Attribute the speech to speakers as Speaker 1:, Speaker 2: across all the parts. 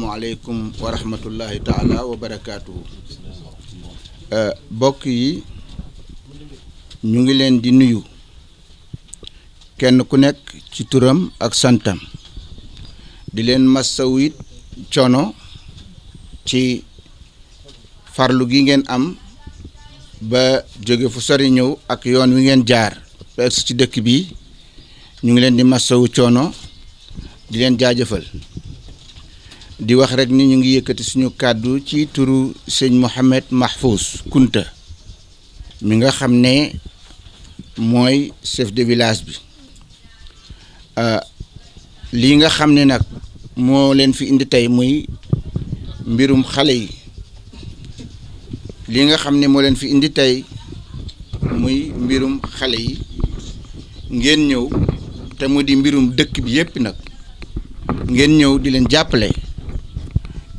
Speaker 1: asalaamualeykum wa rahmatullahi taala wa barakaatuhu eh, bokk yi ñu ngi leen di nuyu kenn ku nekk ci turam ak santam di leen massawit coono ci farlu gi ngeen am ba jóge fu sori ñëw ak yoon wi ngeen jaar ba ci dëkk bi ñu ngi leen di massawu coono di leen jaajëfal di wax rek ni ñu ngi yëkkati suñu kàddu ci turu sëñ Mouhamed Mahfouz Kunta mi nga xam ne mooy chef de village bi euh, lii nga xam ne nag moo leen fi indi tey muy mbirum xale yi lii nga xam ne moo leen fi indi tey muy mbirum xale yi ngeen ñëw te mu di mbirum dëkk bi yépp nag ngeen ñëw di leen jàppale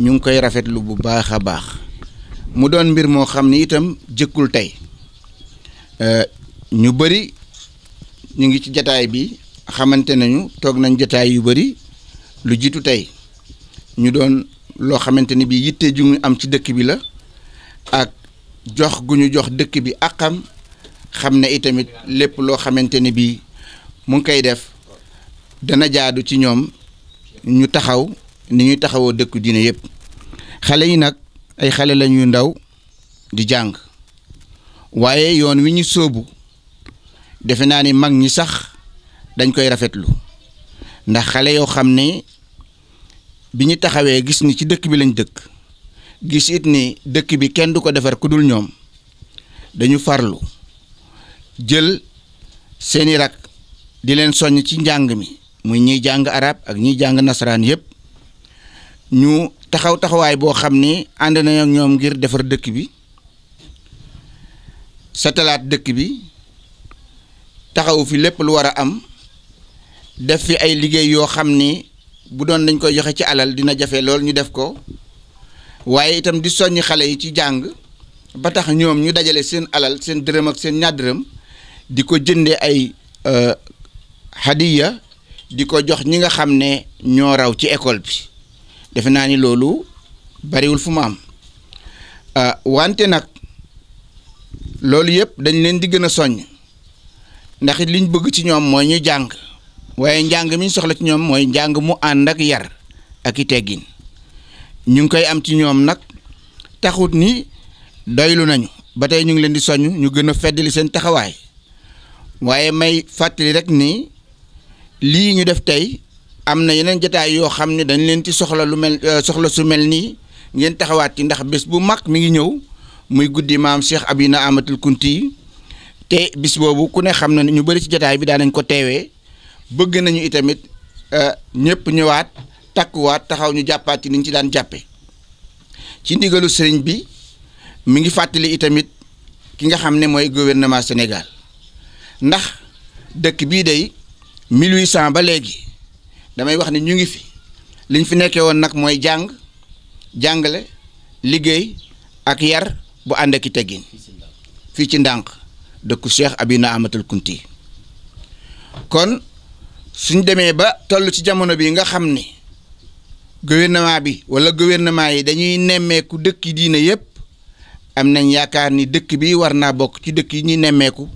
Speaker 1: ñu ngi koy rafetlu bu baax a baax mu doon mbir moo xam ne itam jëkkul tey euh, ñu bëri ñu ngi ci jataay bi xamante nañu toog nañ jataay yu bari lu jiitu tey ñu doon loo xamante ni bii yitte ju ñu am ci dëkk bi la ak jox gu ñu jox dëkk bi àqam xam ne itamit lépp loo xamante ni bii mu ngi koy def dana jaadu ci ñoom ñu taxaw ni ñuy taxawoo dëkku diine yëpp xale yi nag ay xale la ñuy ndaw di jàng waaye yoon wi ñu sóobu defe naa ni mag ñi sax dañ koy rafetlu ndax xale yoo xam ne bi ñu taxawee gis ni ci dëkk bi lañ dëkk gis it ni dëkk bi kenn du ko defar ku dul ñoom dañu farlu jël seeni rak di leen soññ ci njàng mi muy ñiy jàng arab ak ñiy jàng nasaraan yëpp ñu taxaw taxawaay boo xam ni ànd nañu ak ñoom ngir defar dëkk bi satalaat dëkk bi taxaw fi lépp lu war a am def fi ay liggéey yoo xam ni bu doon dañ koy joxe ci alal dina jafe lool ñu def ko waaye itam di soññ xale yi ci jàng ba tax ñoom ñu dajale seen alal seen dërëm ak seen ñaar dërëm di ko jënde ay euh, hadiya di ko jox ñi nga xam ne ñoo raw ci école bi defe naa ni loolu bariwul fu mu am ah, wante nag loolu yëpp dañ leen di gën a soññ ndaxit it liñ bëgg ci ñoom mooy ñu jàng waaye njàng mi ñu soxla ci ñoom mooy njàng mu ànd ak yar ak i teggin ñu ngi koy am ci ñoom nag taxut ni doylu nañu ba tey ñu ngi leen di soññ ñu gën a feddali seen taxawaay waaye may fàttali rek ni lii ñu def tey am na yeneen jataay yoo xam ne dañ leen ci soxla lu mel euh, soxla su mel nii ngeen taxawaat ci ndax bés bu mag mi ngi ñëw muy guddi maam yi na Amatul Kunti te bis boobu ku ne xam na ne ñu bëri ci jotaay bi daanañ ko teewee bëgg nañu itamit euh, ñëpp ñëwaat takkuwaat taxaw ñu jàppaat ci niñ ci daan jàppe ci ndigalu sëriñ bi mu ngi fàttali itamit ki nga xam ne mooy gouvernement Sénégal ndax dëkk bii day 1800 ba léegi. damay wax ni ñu ngi fi liñ fi nekkee woon nag mooy jàng jàngale liggéey ak yar bu ànd ak i teggin fii ci ndànk dëkku Cheikh Abina amatul Kunti kon suñ demee ba toll ci jamono bi nga xam ni gouvernement bi wala gouvernement yi dañuy nemmeeku dëkk yi diine yëpp am nañ yaakaar ni dëkk bi war naa bokk ci dëkk yi ñuy nemmeeku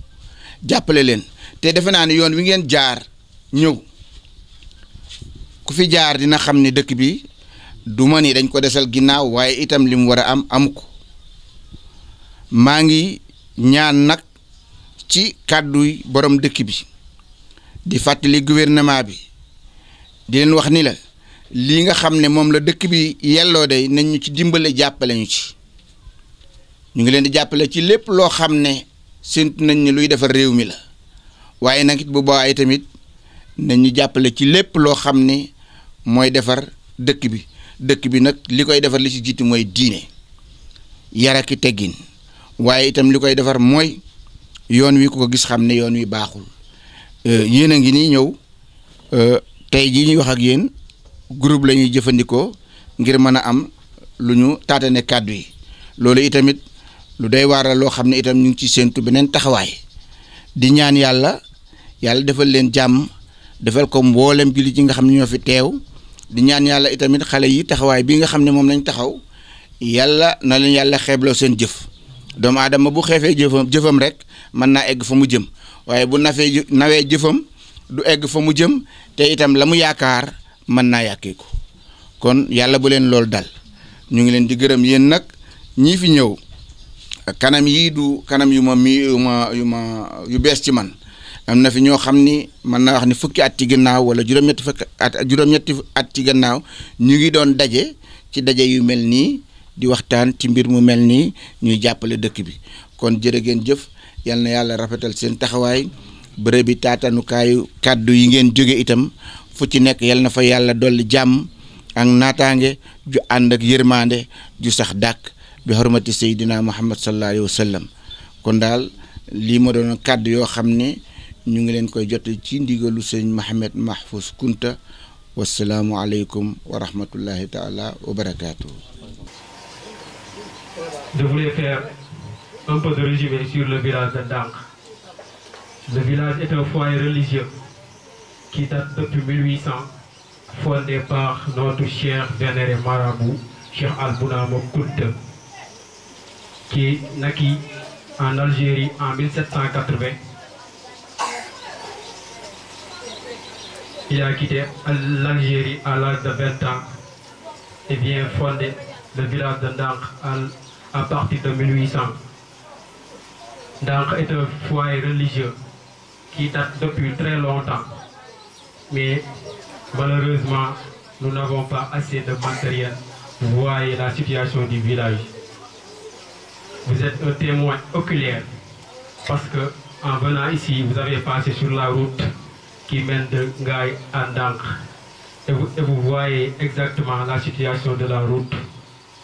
Speaker 1: jàppale leen te defe naa ni yoon wi ngeen jaar ñëw ku fi jaar dina xam ne dëkk bi du ma ni dañ ko desal ginnaaw waaye itam li mu war a am amu ko maa ngi ñaan nag ci kàdduy borom dëkk bi di fàttali gouvernement bi di leen wax ni la lii nga xam ne moom la dëkk bi yelloo day nañ ci dimbale jàppale ñu ci ñu ngi leen di jàppale ci lépp loo xam ne séntu nañ luy defar réew mi la waaye nag it bu baax tamit nañ jàppale ci lépp loo xam ne mooy defar dëkk bi dëkk bi nag li koy defar li ci jiitu mooy diine yar ak teggin waaye itam li koy defar mooy yoon wi ku ko gis xam ne yoon wi baaxul euh, yéen a ngi ni ñëw euh, tey jii ñuy wax ak yéen groupe lañuy jëfandikoo ngir mën a am lu ñu taatane kàddu yi loolu itamit lu doy waaral loo xam ne itam ñu ngi ci séentu beneen taxawaay di ñaan yàlla yàlla defal leen jàmm defal ko mboolem jullit yi nga xam ne ñoo fi teew di ñaan yàlla itamit xale yi taxawaay bii nga xam ne moom lañ taxaw yàlla na leen yàlla xeebloo seen jëf doomu aadama bu xeefee jëfam jëfam rek mën naa egg fa mu jëm waaye bu nafee nawee jëfam du egg fa mu jëm te itam la mu yaakaar mën naa yàqeeku kon yàlla bu leen loolu dal ñu ngi leen di gërëm yéen nag ñii fi ñëw kanam yii du kanam yu ma mii yu ma yu ma yu bees ci man am na fi ñoo xam ni man naa wax ni fukki at ci gannaaw wala juróom-ñetti fukki at juróom-ñetti at ci gannaaw ñu ngi doon daje ci daje yu mel nii di waxtaan ci mbir mu mel nii ñuy jàppale dëkk bi kon jërë ngeen jëf yal na yàlla rafetal seen taxawaay bërëb bi taatanukaayu kàddu yi ngeen jóge itam fu ci nekk yal na fa yàlla dolli jàmm ak naataange ju ànd ak yërmande ju sax dàkk bi xormati seydina muhammad sallallahu alayhi kon daal lii ma doon kàddu ñu ngi leen koy jot ci ndigalu sëñ Mohamed Mahfouz Kunta wasalaamu aleykum wa rahmatullahi taala wa barakaatu.
Speaker 2: Je voulais de résumé sur le village de Ndank. Le village est un religieux qui date depuis 1800, fondé par notre cher vénéré marabout, Cheikh Al-Bouna Kunta, qui naquit en Algérie en Il a quitté l'Algérie à l'âge de 20 ans et vient fonder le village de Ndank à partir de 1800. Ndank est un foyer religieux qui date depuis très longtemps. Mais malheureusement, nous n'avons pas assez de matériel. Vous voyez la situation du village. Vous êtes un témoin oculaire parce que en venant ici, vous avez passé sur la route qui de Ngaï à Dankh. Et exactement la situation de la route.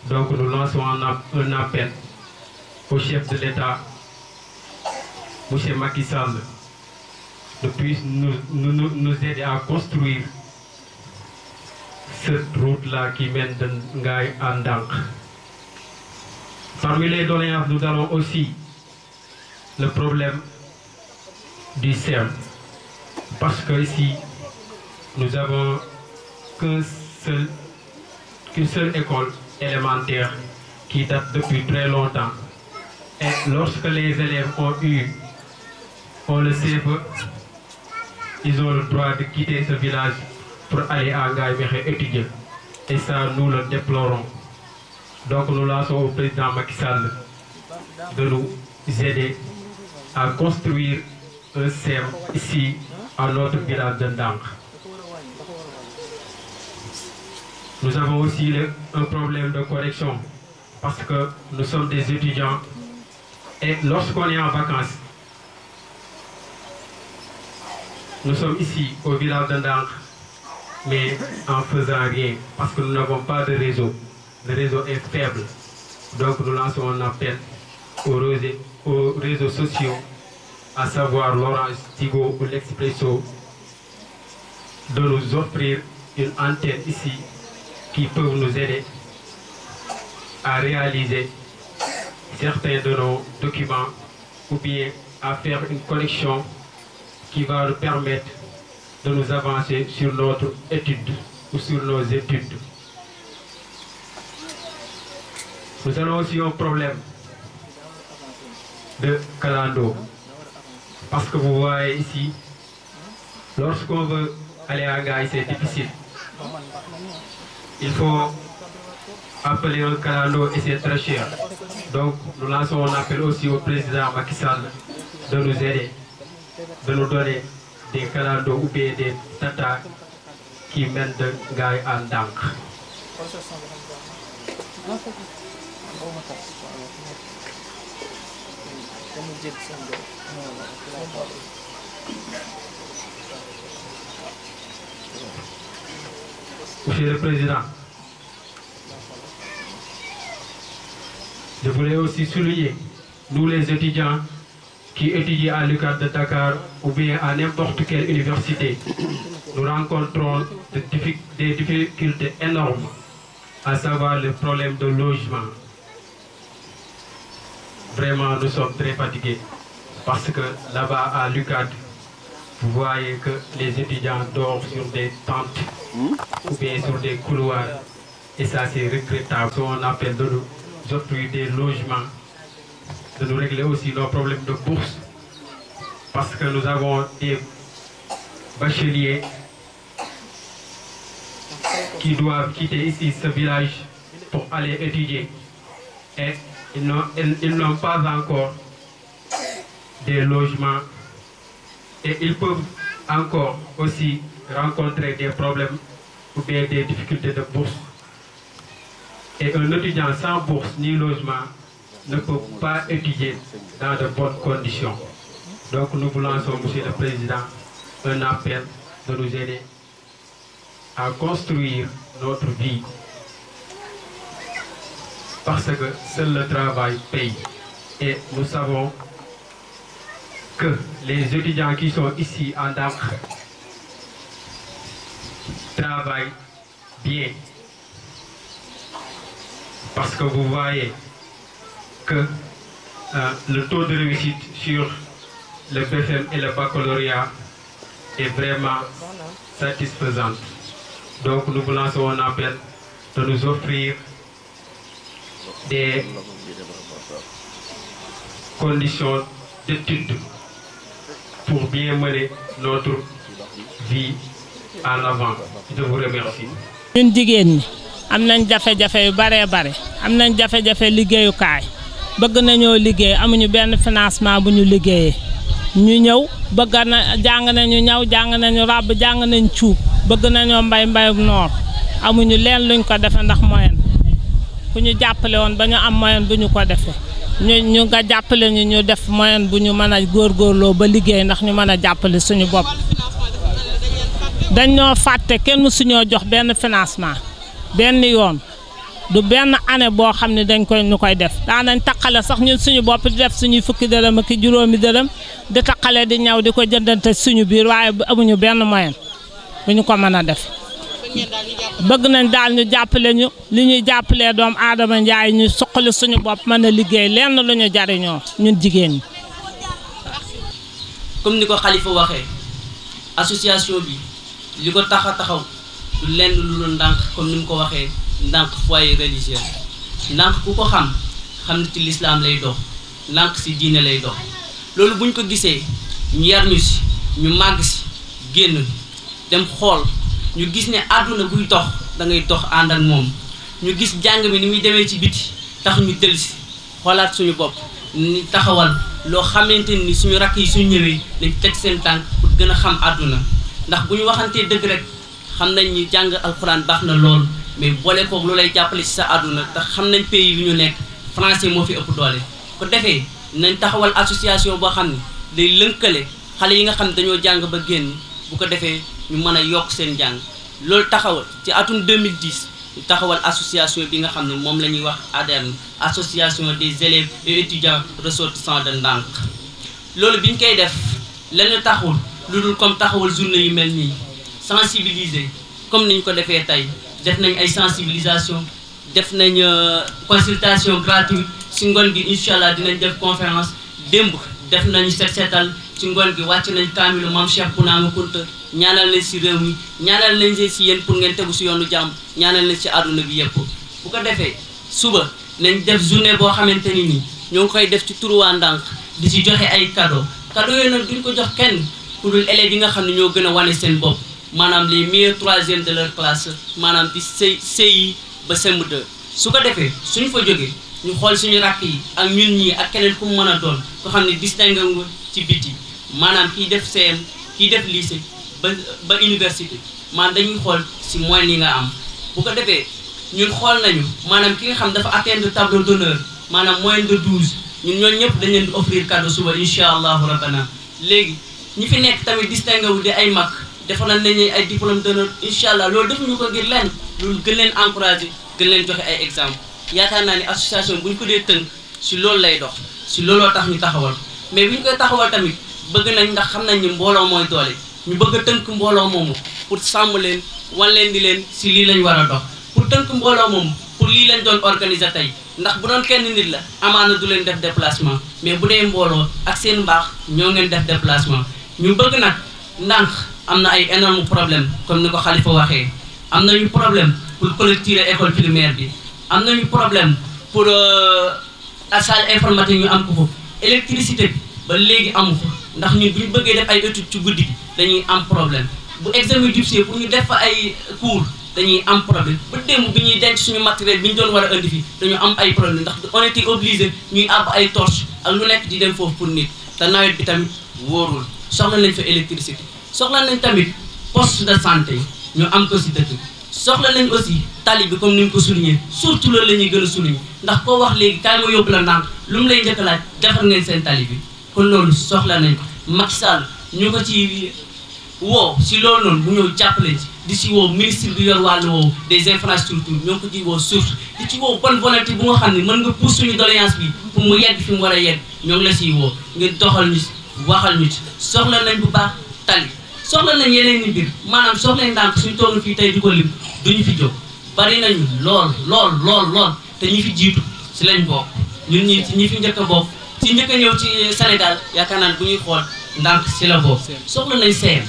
Speaker 2: Donc nous lançons un, appel au chef de l'État, M. Macky Sall, puisse nous, aider à construire cette route-là qui de Ngaï à Dankh. Parmi les doléances, nous avons aussi le problème du CERN. Parce que ici, nous avons qu'une seul, qu seule école élémentaire qui date depuis très longtemps. Et lorsque les élèves ont eu, on le sait, e, ils droit de quitter ce village pour aller à Ngaïméré étudier. Et ça, nous le déplorons. Donc nous lançons au président Macky de nous aider à construire un CEM ici à notre village de Ndank. Nous avons aussi le, un problème de correction parce que nous sommes des étudiants et lorsqu'on est nous sommes ici au village de Ndank, mais en faisant rien parce que nous n'avons pas de réseau. Le réseau est faible. Donc nous lançons un appel aux sociaux à savoir l'Orange Tigo ou l'Expresso, de nous offrir une antenne ici qui peut nous aider à réaliser certains de nos documents ou à faire une collection qui va nous permettre de nous avancer sur notre étude ou sur nos études. Nous avons aussi un problème de calendrier. Parce que vous voyez ici, lorsqu'on veut aller à c'est difficile. Il faut appeler un calando et Donc nous lançons appel aussi au président Macky Sall de nous aider, de nous donner des calandos ou bien des tatas qui Dank. dama Monsieur le Président, je voulais aussi souligner, nous les étudiants qui étudient à l'UCAD de Dakar ou bien à n'importe quelle université, nous rencontrons des difficultés énormes, à savoir le problème de logement Vraiment, nous sommes très fatigués parce que là-bas à l'UCAD, vous voyez que les étudiants dorment sur des tentes ou bien sur des couloirs. Et ça, c'est regrettable. On appelle de nous offrir des logements, de nous régler aussi nos problèmes de bourse parce que nous avons des qui doivent quitter ici ce village pour aller étudier. Et ils n'ont pas encore des logements et ils peuvent encore aussi rencontrer des problèmes ou bien des difficultés de bourse. Et un étudiant sans bourse ni logement ne peut pas étudier dans de bonnes conditions. Donc nous vous lançons, Monsieur le Président, un appel de nous aider à construire notre vie parce que seul le travail paye. Et nous savons que les étudiants qui sont ici en Dakar travaillent bien. Parce que vous voyez que euh, le taux de réussite sur le BFM et le baccalauréat est vraiment satisfaisant. Donc nous vous lançons un appel nous offrir
Speaker 3: des
Speaker 4: jigéen ñi am nañ jafe-jafe yu baree bare am nañ jafe-jafe liggéeyukaay bëgg nañoo liggéey amuñu benn financement bu ñu liggéeyee ñu ñëw bëgg na jàng nañu ñaw jàng nañu ràbb jàng nañ cuub bëgg nañoo mbay mbayum noor amuñu leen luñ ko defe ndax mooy ku ñu jàppale woon ba ñu am moyen bu ñu ko defee ñu ñu nga jàppale ñu ñu def moyen bu ñu mën a góorgóorloo ba liggéey ndax ñu mën a jàppale suñu bopp dañ dañoo fàtte kenn suñoo jox benn financement benn yoon du benn année boo xam ne dañ koy ñu koy def daanañ taqale sax ñu suñu bopp di def suñuy fukki dërëm ak juróomi dërëm di taqale di ñaw di ko jëndante suñu biir waaye bu amuñu benn moyen bu ñu ko mën a def bëgg nañ daal ñu jàppale ñu li ñuy jàppalee doom aadama njaay ñu suqali suñu bopp mën a liggéey lenn lu ñu jariñoo ñun jigéen ñi
Speaker 3: comme ni ko xalifa waxee association bi li ko tax taxaw du lenn lu ndànk comme ni mu ko waxee ndànk foyer religieux ndànk ku ko xam xam ne ci lislaam lay dox ndànk si diine lay dox loolu buñ ko gisee ñu yar ñu si ñu màgg si génn dem xool ñu gis ne àdduna buy dox da ngay dox àndal ak moom ñu gis jàng bi ni muy demee ci biti tax ñu dellu si xoolaat suñu bopp ni taxawal loo xamante ni suñu rakk yi suñu ñëwee dañ teg seen tànk pour gën a xam àdduna ndax bu ñu waxantee dëgg rek xam nañ ni jàng alxuraan baax na lool mais boole koog lu lay jàppale si sa àdduna te xam nañ pays yu ñu nekk français moo fi ëpp doole. ko defee nañ taxawal association boo xam ne day lënkale xale yi nga xam ne dañoo jàng ba génn bu ko defee. ñu mën a yokk seen njàng loolu taxawal ci atum 2010 ñu taxawal association bi nga xam ne moom la ñuy wax ADEM association des élèves et étudiants ressortissants de Ndank loolu bi ñu koy def lenn taxul lu dul comme taxawal journée yu mel nii sensibiliser comme niñ ko defee tey def nañ ay sensibilisation def nañ euh, consultation gratuite si ngoon gi incha allah dinañ def conférence démb def nañu set setal ci ngoon gi wàcc nañ kaamilu maam Cheikh Bounama Kounta ñaanal nañ si réew mi ñaanal nañ leen si yéen pour ngeen tegu si yoonu jàmm ñaanal nañ si àdduna bi yëpp bu ko defee suba nañ def journée boo xamante ni nii ñoo ngi koy def ci turu waa ndànk di si joxe ay cadeau cadeau yooyu nag duñ ko jox kenn ku dul élèves yi nga xam ne ñoo gën a wane seen bopp maanaam les meilleurs troisième de leur classe maanaam di C CI ba cm su ko defee suñ fa jógee ñu xool suñu rakk yi ak ñun ñii ak keneen ku mu mën a doon ko xam ne distingué nga ci biti maanaam kii def CM kiy def lycée ba ba université maan dañuy xool si moyens yi nga am bu ko defee ñun xool nañu maanaam ki nga xam dafa atteindre tableau d'honneur maanaam moyenne de 12 ñun ñooñu ñëpp dañ leen di offrir cadeau suba incha allahu rabbana léegi ñi fi nekk tamit distingué wu di ay mag defal nañ leen ay diplôme d'honneur incha allah loolu defuñu ko ngir lenn loolu gën leen encouragé gën leen joxe ay exemple yaakaar naa ni association bu ñu ko dee tënk si loolu lay dox si looloo tax ñu taxawal bëgg nañ ndax xam nañ ni mbooloo mooy doole ñu bëgg a tënk mbooloo moomu pour sàmm leen wan leen di leen si lii lañ war a dox pour tënk mbooloo moomu pour lii lañ doon organiser tey ndax bu doon kenn nit la amaana du leen def déplacement mais bu dee mbooloo ak seen mbaax ñoo ngeen def déplacement ñu bëgg nag ndànk am na ay énorme problème comme ni ko Khalifa waxee am nañu problème pour clôturer école primaire bi am nañu problème pour euh, salle informatique ñu am ko foofu bi ba léegi ndax ñun bu ñu bëggee def ay étude ci guddi gi dañuy am problème bu examen jubsee pour ñu def fa ay cours dañuy am problème ba démb bi ñuy denc suñu matériel bi ñu doon war a indi fi dañu am ay problème ndax on était obligé ñuy àbb ay torche ak lu nekk di dem foofu pour nit te nawet bi tamit wóorul soxla nañ fa électricité soxla nañ tamit poste de santé ñu am ko si dëkk bi soxla nañ aussi tali bi comme ni ñu ko souligné surtout loolu la ñuy gën a souligné ndax koo léegi kaay ma la ndànk lu mu lay njëkk laaj defar ngeen seen tali bi kon loolu soxla nañ ko Macky Sall ñu ko ci woo si loolu noonu bu ñëw jàppale ci di si woo ministre bi yor wàllu woowu des infrastructures ñoo ko ci woo surtout di ci woo bonne volonté bu nga xam ne mën nga pousse suñu doléance bi pour mu yegg fi mu war a yegg ñoo la siy woo ngeen doxal ñu waxal ñu ci soxla nañ bu baax tali soxla nañ yeneen i mbir maanaam soxla nañ ndànk suñu toll fii tey di ko lim duñu fi jóg bari nañu lool lool lool lool te ñi fi jiitu si lañ bokk ñun ñi ñi fi bokk ci njëkk a ñëw ci Sénégal yaakaar naan bu ñuy xool ndànk si la boobu soxla nañ CM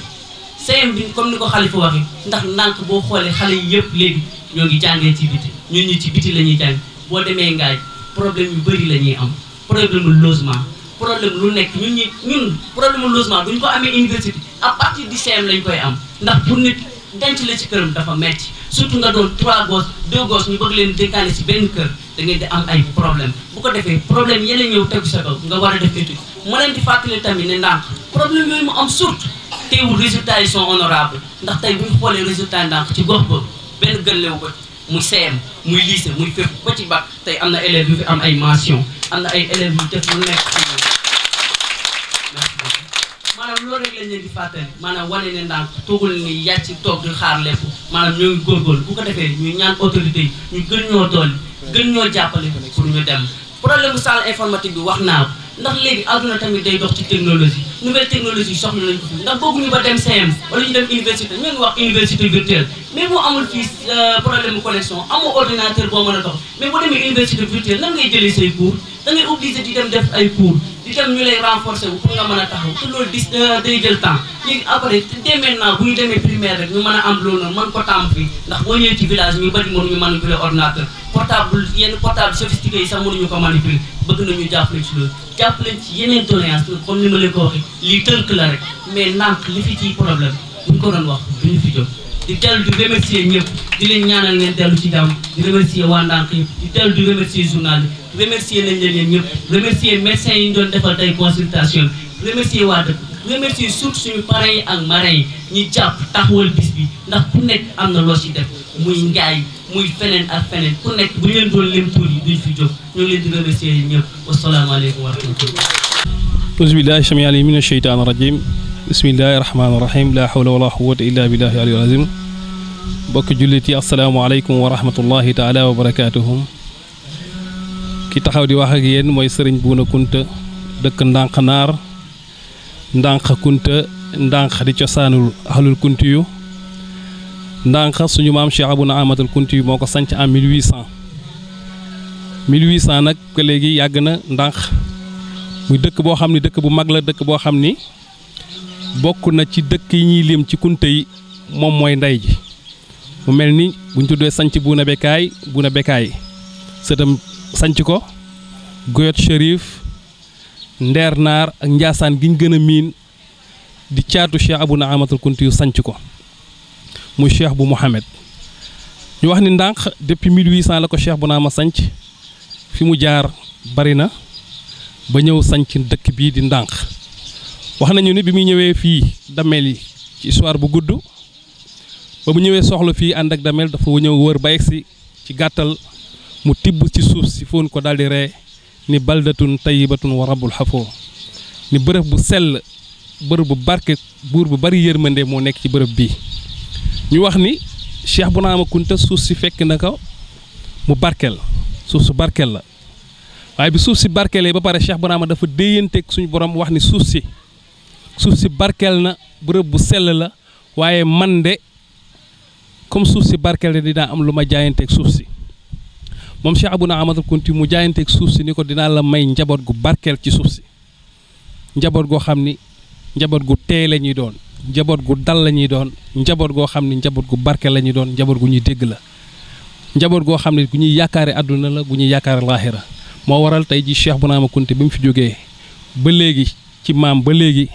Speaker 3: CM bi comme ni ko xalifa waxi ndax ndànk boo xoolee xale yi yëpp léegi ñoo ngi jàngee ci biti ñun ñi ci biti la ñuy jàng boo demee ngaay problème yu bëri la ñuy am problème logement problème lu nekk ñu ñi ñun problème logement bu ñu ko amee université à partir di CM lañ koy am ndax pour nit denc la ci këram dafa metti surtout nga doon trois gosses deux gosses ñu bëgg leen dénkaane ci benn kër da ngeen di am ay problème bu ko defee problème yeneen ñëw tegu sa kaw nga war a def étude mu leen di fàttali tamit ne ndànk problème yooyu mu am surtout teewul résultats yi sont honorables ndax tey bu ñu xoolee résultat ndànk ci gox boobu benn gën lewu ko mu CM muy lycée muy fépp ba ci bac tey am na élèves yu fi am ay mention am na ay élèves yu def lu nekk ci maanaam loolu rek lañ leen di fàttali maanaam wane ne ndànk toogul ni yàcc toog di xaar lépp maanaam ñoo ngi bu ko defee ñu ñaan autorité ñu gën ñoo dool gën ñoo jàppale pour ñu dem problème bu salle informatique bi wax naa ndax léegi àdduna tamit day dox ci technologie nouvelle technologie soxla nañ ko fi ndax bëgguñu ba dem CM wala ñu dem université ñu wax université virtuelle mais bu amul fii euh, problème bu connexion ordinateur boo mën a dox mais bu demee université virtuelle nan ngay jëlee say cours da ngay obligé di dem def ay cours di dem ñu lay renforcer wu pour nga mën a taxaw te loolu dis euh, day jël temps léegi après te dès maintenant bu ñu demee primaire rek ñu mën a am loolu noonu mën ndax boo ñëwee ci village ñu bari moom ñu mën portable yenn portable sophistiqué yi sa mënuñu ko manipuler bëgg nañu jàppale ci loolu jàppale ci yeneen doléance comme ni leen ko waxee lii di dellu di remercier di leen ñaanal ngeen dellu ci jàmm di remercier waa ndànk yi di dellu di nañ leen yéen ñëpp yi doon defal tey consultation remercier waa dëkk remercier surtout yi ak yi ñu jàpp taxawal bis bi ndax ku nekk am na loo ci def muy ngaay muy feneen ak feneen ku nekk bu ñu leen doon leen tuur yi duñ fi jóg ñu ngi leen di remercier ñëpp wasalaamaaleykum wa rahmatullah
Speaker 5: ausbillahi sami alim min asheytaan irajim bismillahi rahmaani rahim laa hawla wala quwata illa billahi aliyul azim bokk jullit yi asalaamaaleykum wa rahmatullahi taala wa barakaatuhum ki taxaw di wax ak yéen mooy sëriñ Buuna Kunta dëkk ndànq naar ndànq kunta ndànq di cosaanul ahlul kunti yu ndànk suñu maam abu na Abouna Ahmadal Kounti moo ko sanc en 1800 1800 nag ba léegi yàgg na ndànk muy dëkk boo xam ni dëkk bu mag la dëkk boo xam ni bokk na ci dëkk yi ñuy liim ci kunte yi moom mooy ndey ji mu mel ni buñ tuddee sanc Buuna Bekkaay Buuna Bekkaay sëtam sanc ko Goyot Chérif Ndeer Naar ak Njaasaan gi ñu gën a miin di caatu Cheikh na Ahmadal Kounti yu sanc ko muy cheikh bu Mouhamed ñu wax ni ndànk depuis 1800 la ko cheikh bu naama sanc fi mu jaar bari na ba ñëw sanc dëkk bii di ndànk wax nañu ni bi muy ñëwee fii dameel yi ci histoire bu gudd ba mu ñëwee soxla fii ànd ak dameel dafa ñëw wër ba egsi ci gàttal mu tibb ci suuf si foon ko daal di ree ni baldatun tayyibatun wa rabbul xafoo ni bërëb bu sell bërëb bu barke buur bu bari yërmande moo nekk ci bërëb bii ñu wax ni Cheikh Bounama Kunta suuf si fekk na ko mu barkeel suuf su barkeel la waaye bi suuf si barkeelee ba pare Cheikh Bounama dafa déyanteeg suñu borom wax ni suuf si suuf si barkeel na bërëb bu sell la waaye man de comme suuf si barkeel dinaa am lu ma jaayanteeg suuf si moom Cheikh Bounama Kunta mu jaayanteeg suuf si ni ko dinaa la may njaboot gu barkeel ci suuf si njaboot goo xam ni njaboot gu tee la ñuy doon. njaboot gu dal la ñuy doon njaboot goo xam ne njaboot gu barkeel la ñuy doon njaboot gu ñuy dégg la njaboot goo xam ne gu ñuy yaakaare àdduna la gu ñuy yaakaare laaxira moo waral tey ji Cheikh Bounama Kunta bi mu fi jógee ba léegi ci maam ba léegi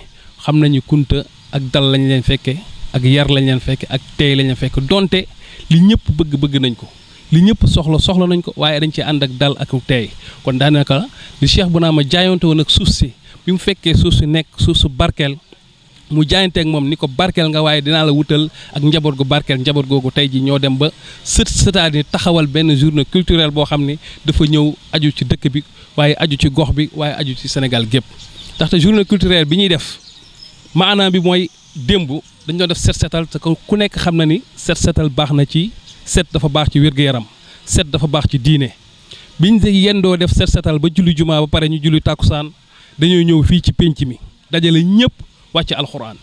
Speaker 5: xam nañu Kunta ak dal lañ leen fekke ak yar lañ leen fekke ak tey lañu leen fekke donte li ñëpp bëgg bëgg nañ ko li ñëpp soxla soxla nañ ko waaye dañ ci ànd ak dal ak teey kon daanaka li Cheikh Bounama jaayonte woon ak suuf si bi mu fekkee suuf si nekk suuf su barkeel mu jaayanteeg moom ni ko barkeel nga waaye dinaa la wutal ak njaboot gu barkeel njaboot googu tey ji ñoo dem ba sët sëtaat yi taxawal benn journée culturelle boo xam ne dafa ñëw aju ci dëkk bi waaye aju ci gox bi waaye aju ci senegal gépp taxte journée culturelle bi ñuy def maanaam bi mooy démb dañ doon def set setal te ku nekk xam na ni set setal baax na ci set dafa baax ci wér yaram set dafa baax ci diine biñ yendoo def set setal ba julli jumaa ba pare ñu julli tàkkusaan dañoo ñëw fii ci pénc mi dajale ñëpp wàcc alxuraan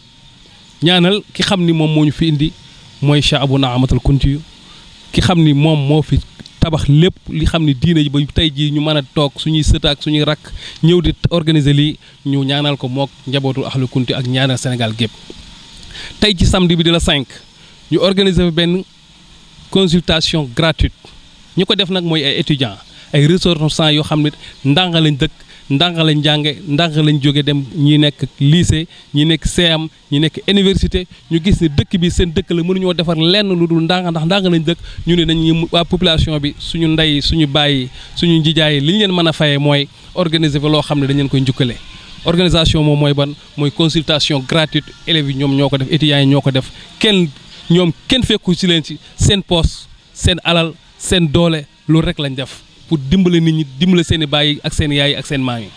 Speaker 5: ñaanal ki xam ni moom moo ñu fi indi mooy Cheikh Abou Naamatul Kunti ki xam ni moom moo fi tabax lépp li xam ni diine ji ba tey jii ñu mën a toog suñuy sëtaak suñuy rakk ñëw di organiser lii ñu ñaanal ko mook njabootu ahlu kunti ak ñaanal Sénégal gépp tey ci samedi bi di la 5 ñu organiser benn consultation gratuite ñu ko def nag mooy ay étudiants ay ressortissants yoo xam ne ndànk lañ dëkk. ndànk lañ jànge ndànk lañ jóge dem ñi nekk lycée ñi nekk CM ñi nekk université ñu gis ni dëkk bi seen dëkk la mënuñoo defar lenn lu dul ndànk ndax ndànk lañ dëkk ñu ne nañ waa population bi suñu ndey suñu bàyyi suñu njijaay li ñu leen mën a fayee mooy organiser fa loo xam ne dañ leen koy njukkale organisation moom mooy ban mooy consultation gratuite élèves yi ñoom ñoo ko def étudiants yi ñoo ko def kenn ñoom kenn fekku ci leen ci seen poos seen alal seen doole loolu rek lañ def pour dimbale nit ñi dimbale seen i baay ak seen yaay ak seen maam yi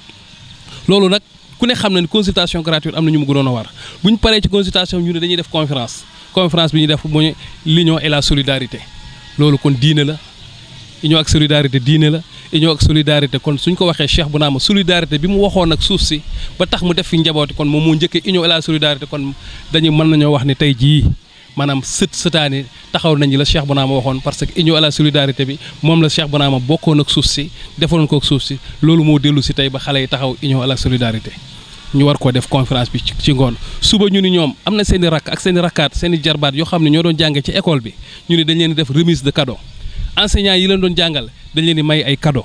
Speaker 5: loolu nag ku ne xam na ne consultation gratuite am na ñu mu gënoon a war bu ñu paree ci consultation ñu ne dañuy def conférence conférence bi ñu def mooy l'union et la solidarité loolu kon diine la union ak solidarité diine la union ak solidarité kon suñ ko waxee Cheikh ma solidarité bi mu waxoon ak suuf si ba tax mu def fi njabooti kon moom moo njëkkee union et la solidarité kon dañu mën nañoo wax ne tey jii. maanaam sët sëtaani taxaw nañu la Cheikh Bounama waxoon parce que union à la solidarité bi moom la Cheikh Bounama bokkoon ak suuf si defoon ko ak suuf si loolu moo dellu si tey ba xale yi taxaw union à la solidarité ñu war koo def conférence bi ci ngoon suba ñu ni ñoom am na seen i rakk ak seen i rakkaat seen jarbaat yoo xam ne ñoo doon jànge ci école bi ñu ne dañ leen di def remise de cadeau enseignants yi leen doon jàngal dañ leen di may ay cadeau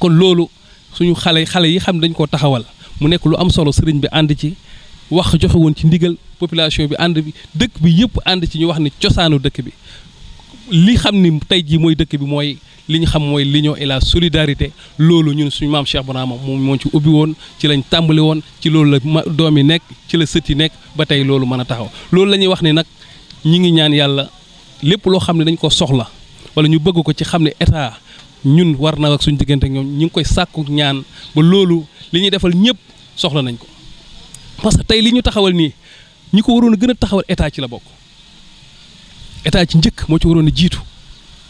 Speaker 5: kon loolu suñu xale xale yi xam dañ koo taxawal mu nekk lu am solo sëriñ bi ànd ci wax joxe woon ci ndigal population bi ànd bi dëkk bi yëpp ànd ci ñu wax ni cosaanu dëkk bi li xam ni tey jii mooy dëkk bi mooy li ñu xam mooy l'union et la solidarité loolu ñun suñ maam Cheikh Bounama moom moo ci ubbi woon ci lañ tàmbali woon ci loolu la doom yi nekk ci la sët yi nekk ba tey loolu mën a taxaw loolu la ñuy wax ni nag ñu ngi ñaan yàlla lépp loo xam ne dañ ko soxla wala ñu bëgg ko ci xam ne état ñun war naa ak suñu diggante ñoom ñu ngi koy sàkku ñaan ba loolu li ñuy defal ñëpp soxla nañ ko parce que tey li ñu taxawal nii ñi ko waroon a gën a taxawal état ci la bokk état ci njëkk moo ci waroon a jiitu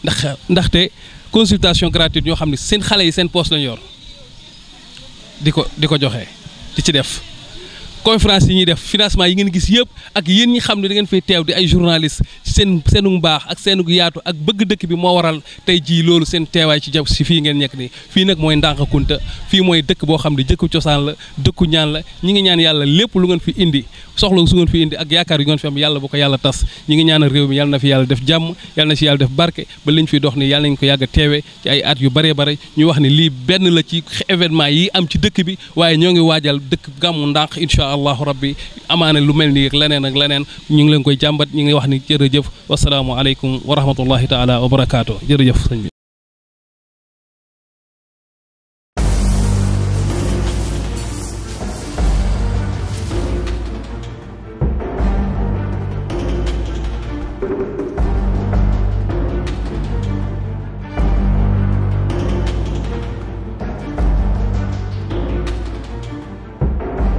Speaker 5: ndax ndaxte consultation gratuite ñoo xam ne seen xale yi seen poste lañu yor di ko di ko joxe di ci def. conférence yi ñuy def financement yi ngeen gis yëpp ak yéen ñi xam ne da ngeen fay teew di ay journaliste seen seenu mbaax ak seenu yaatu ak bëgg dëkk bi moo waral tey jii loolu seen teewaay ci jaww si fii ngeen nekk nii fii nag mooy Ndanka Kunta fii mooy dëkk boo xam ne jëkk cosaan la dëkku ñaan la ñi ngi ñaan yàlla lépp lu ngeen fi indi soxla su ngeen fi indi ak yaakaar yu ngeen fi am yàlla bu ko yàlla tas ñi ngi ñaanal réew mi yàlla na fi yàlla def jàmm yàlla na si yàlla def barke ba liñ ni yàlla nañ ko yàgg a at yu bare bare ñu wax ni lii benn la ci événement yi am ci dëkk bi waaye ñoo ngi waajal dëkk gàmmu Ndanka allahu rabbi amaane lu mel nii ak leneen ak leneen ñu ngi leen koy jàmbat ñu ngi wax ni jërëjëf wasalaamu aleykum wa rahmatullahi taala wa barakaatu jërëjëf sëñ bi